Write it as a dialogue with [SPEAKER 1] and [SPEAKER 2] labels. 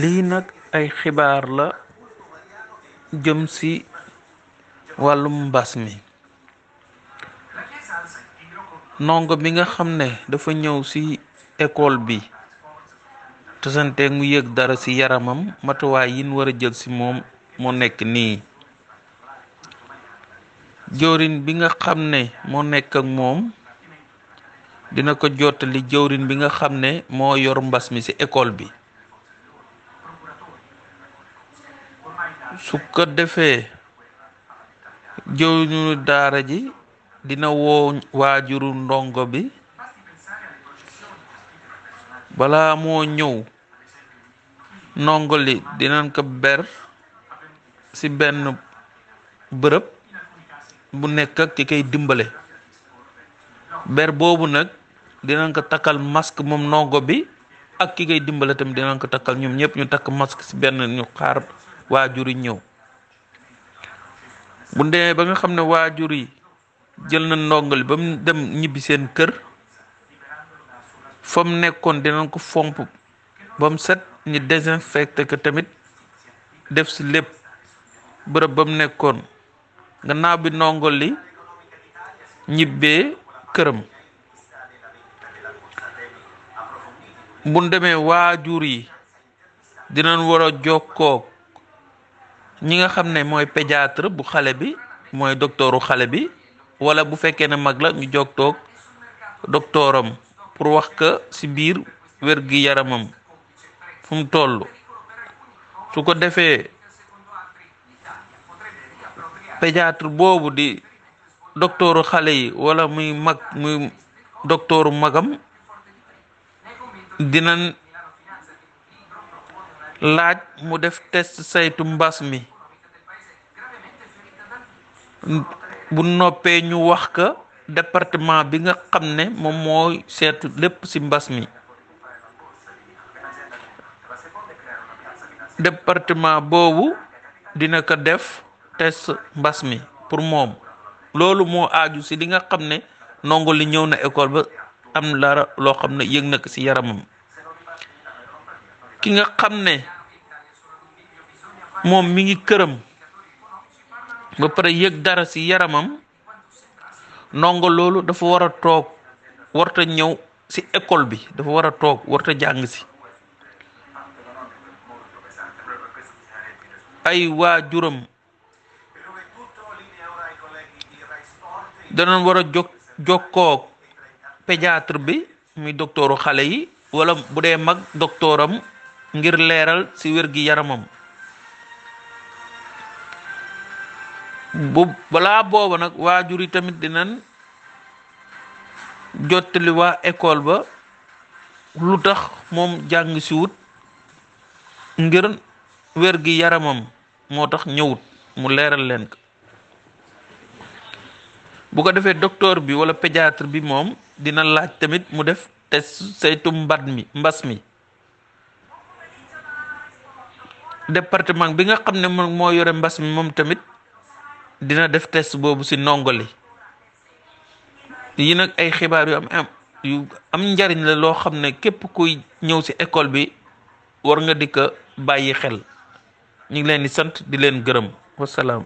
[SPEAKER 1] lii nag ay xibaar la jëm ci wàllum mbas mi ndongo bi nga xam ne dafa ñëw ci ekool bi tesante mu yëg dara ci yaramam matuwaay yin war a jël ci moom moo nekk nii jëwrin bi nga xam ne moo nekk ak moom dina ko jottali jëwrin bi nga xam ne moo yor mbas mi ci ekool bi su ko defee jëwriñu daara ji dina woo waajuru ndongo bi balaa moo ñëw ndongo li dinañ ko ber ci benn bërëb bu nekk ak ki kay dimbale ber boobu nag dinañ ko takkal mask moom ndongo bi ak ki koy dimbale tamit dinañ ko takkal ñoom ñëpp ñu takk mask ci benn ñu xaar waajur yi ñëw bu demee ba nga xam ne waajur yi jël na ndongal ba mu dem ñibbi seen kër fa mu nekkoon dinañ ko fomp ba mu set ñu désinfecté ko tamit def si lépp bërëb ba mu nekkoon gannaaw bi ndongal li ñibbee këram bu demee waajur yi dinañ war a jokkoo ñi nga xam ne mooy pédiatre bu xale bi mooy docteuru xale bi wala bu fekkee ne mag la ñu jog toog docteuram pour wax ko ci biir wér gi yaramam fu mu toll su ko defee pédiatre boobu di docteuru xale yi wala muy mag muy docteuru magam dinañ laaj mu def test saytu mbas mi bu noppee ñu wax ka département bi nga xam ne moom mooy seetu lépp ci mbas mi departement boobu dina ko def test mbas mi pour moom loolu moo aaju ci li nga xam ne ndongo li ñëw na école ba am lara loo xam ne yëg na ko ci yaramam ki nga xam ne moom mi ngi këram ba pare yëg dara ci yaramam ndongo loolu dafa war a toog warta ñëw ci école bi dafa war a toog warta jàng ci ay waajuram danañ war a jokkook jokkoo pédiatre bi muy docteuru xale yi wala bu dee mag docteuram ngir leeral ci wér gi yaramam bu balaa booba nag waajur yi tamit dina jottali waa école ba lu tax moom jàng si wut ngir wér gi yaramam moo tax ñëwut mu leeral leen bu ko defee docteur bi wala pédiatre bi moom dina laaj tamit mu def test saytu mbat mi mbas mi département bi nga xam ne moom moo yore mbas mi moom tamit dina def test boobu ci ndongole yi nag ay xibaar yu am yu am njariñ la loo xam ne képp kuy ñëw ci école bi war nga di ko bàyyi xel ñu ngi leen di sant di leen gërëm wasalaam.